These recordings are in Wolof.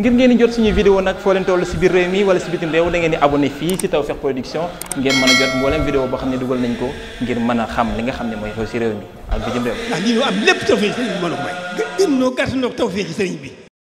ngir ngeen di jot suñu vidéo nag foo leen toll si biir réew mi wala si bitim réew da ngeen di abonné fii si Tawfekh Production ngeen mën a jot mboolem vidéo boo xam ne dugal nañ ko ngir mën a xam li nga xam ne mooy xew si réew mi ak bitim réew. ndax bi mën a may. gën noo gàtt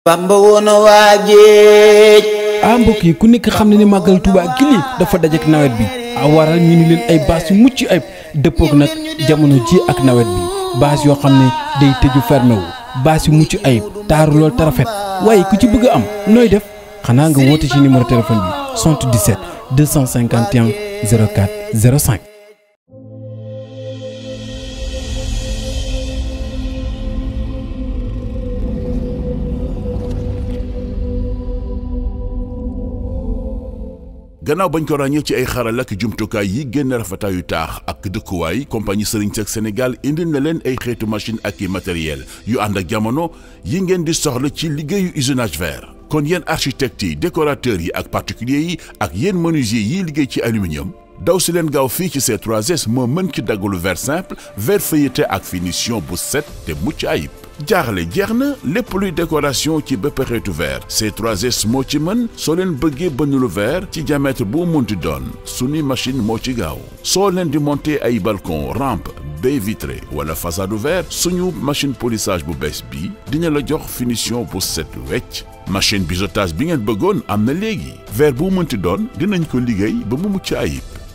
Bamba woon waa géej. ah mbokk yi ku nekk xam ne ne màggal Tuubaa gi nii dafa dajek nawet bi a ah, waral ñu ni leen ay baas yu mucc ayib dëppook nag jamono ji ak nawet bi baas yoo xam ne day tëju fermé wu baas yu mucc ayib taaru lool tarafet waaye ku ci bëgg a am nooy def xanaa nga woote ci numéro téléphone bi 77 251 04 05. gannaaw bañ ko ràññee ci ay xaral ak jumtukaay yi génn rafetaayu taax ak dëkkuwaay compagnie Serigne Seck Sénégal indil na leen ay xeetu machine ak i matériel yu ànd ak jamono yi ngeen di soxla ci liggéeyu usinage vert. kon yéen architectes yi décorateur yi ak particuliers yi ak yéen menuisier yi liggéey ci aluminium daw si leen gaaw fii ci ces 3S moo mën ci daggalu verre simple verre feuilleté ak finition bu set te mucc ayib jaaxle jeex na lépp luy décoration ci bépp xeetu ver ces 3S moo ci mën soo leen bëggee ba bënn lu verre ci diamètre bu munti doon suñu machine moo ci gaaw soo leen di monter ay balcon rampe baie vitrée wala façade ouverte suñu machine polissage bu bees bi dina la jox finition bu set wecc bi biseautage bi ngeen bëggoon am na léegi ver bu munti doon dinañ ko liggéey ba mu mucc ayib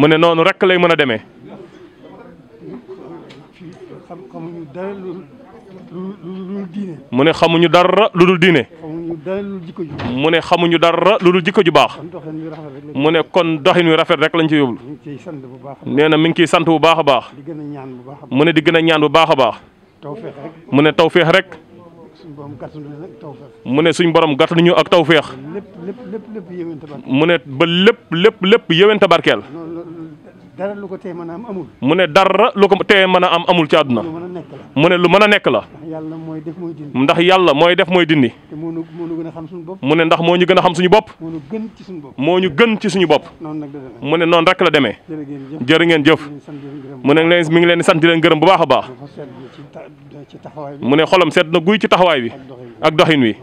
mu ne noonu rek lay mën a demee. mu ne xamuñu dara lu dul diine. mu ne xamuñu dara lu dul jikko ju baax. mu ne kon doxin wi rafet rek lañ ci yóbbu. nee na mi ngi ciy sant bu baax a baax. mu ne di gën a ñaan bu baax a baax. mu ne tawféex rek. mu ne suñ borom gàttanuñu ak tawféex mu ne ba lépp lépp lépp yéwén tabarkeel dara lu ko tee mën a am amul. mu ne dara lu ko tee mën a am amul ci àdduna. mu ne lu mën a nekk la. yàlla mooy ndax yàlla mooy def mooy dindi. moo ñu gën a xam suñu bopp. mu ne ndax moo ñu gën a xam suñu bopp. moo ñu gën ci suñu bopp. moo ñu mu ne noonu rek la demee. jërë ngeen jëf mu ne leen mi ngi leen di sant leen gërëm bu baax a baax. mu ne xolam seet na guy ci taxawaay bi. ak doxin wi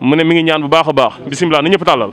mu ne mi ngi ñaan bu baax a baax bisimilah na ñëpp tàllal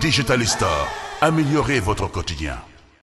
Digital Store, améliorez votre quotidien.